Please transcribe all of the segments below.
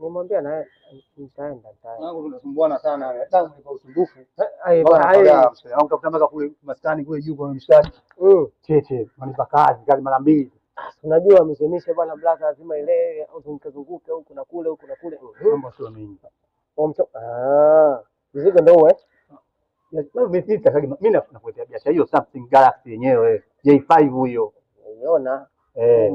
Nimemwambia na nitaenda nitaenda. sana tangu nilipo usumbufu. Eh, ah, eh, eh. Au utakutambaza kule maskani kule juu kwa mshtaji. Mm. Chete, manipa kazi kazi mara mbili. Unajua msemishe bwana Black lazima ile uzunguke huku na kule huku na kule. Mm-hmm. Mambo sio mengi. Omto ah, mzigo ndio eh. Mimi nakuletea biashara hiyo Samsung Galaxy yenyewe J5 huyo. Unaona? Eh.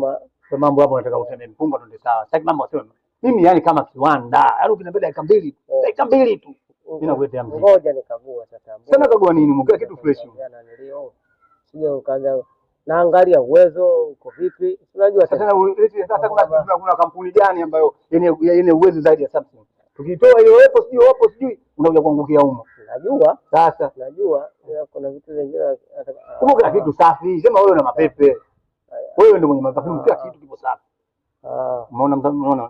Kwa Mambo hapo nataka uteme mpunga ndio sawa. Sasa mambo sio mimi yani kama kiwanda, yaani ukiniambia dakika mbili, eh. dakika mbili tu ninakuletea mm-hmm. mziki. Ngoja nikagua sasa. Sasa kagua nini? Mkia kitu fresh. Sije ukaanza naangalia uwezo uko vipi. Unajua sasa sasa kuna kuna kampuni gani ambayo yenye yenye uwezo zaidi ya Samsung. Tukitoa hiyo hapo sio hapo sijui unakuja kuangukia humo. Najua. Sasa najua kuna vitu vingine kumbuka kitu safi. Sema wewe una mapepe. Wewe ndio mwenye mapepe. Ah. Kila kitu kipo safi. Ah, Umeona umeona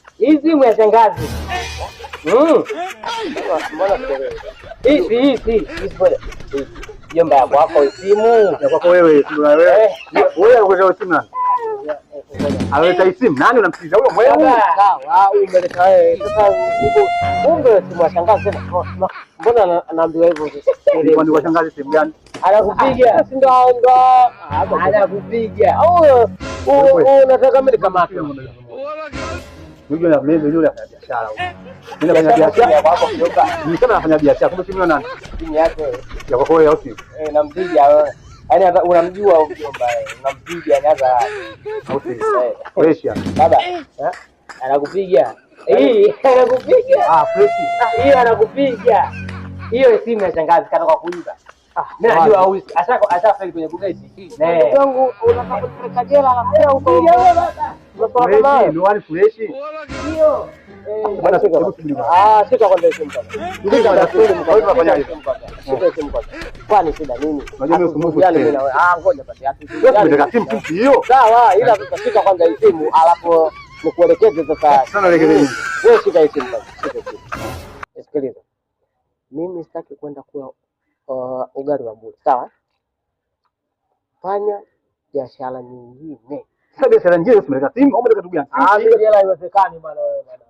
Hizi ya shangazi hmm. hizi hizi jomba ya kwako isimu ya kwako wewe, aleta eh. isimu nani? nani Unamsikiliza huyo mwewe? Shangazi mbona anaambiwa hivyo? Kwa shangazi simu gani? Anakupiga ah, si ndo anakupiga huyo, unataka mimi nikamate mimi na mimi yule afanya biashara huyo. Mimi nafanya biashara kwa hapo kioka. Mimi kama nafanya biashara kumbe timu nani? Timu yake. Ya kwa kweli yote. Eh, nampiga wewe. Yaani hata unamjua mbaya. Eh, unampiga yani hata sauti pressure. Eh. Baba. Eh? eh anakupiga. Hii anakupiga. Ah, pressure. Ah, hii anakupiga. Hiyo simu ya shangazi katoka kuiba. Ah, mimi najua au asha asha kwenye bugeti. Eh. Wangu unataka kupeleka jela na pia huko. Kwani sawa, ila kwanza hii alafu nikuelekeze sasa. Wewe shika kwanza. Sikiliza, mimi sitaki kwenda kuwa ugali wa mburi, sawa? Fanya biashara nyingine sasa biashara njia hiyo tumeleta timu au umeleta ndugu yangu. Ah, ile haiwezekani bwana wewe bwana.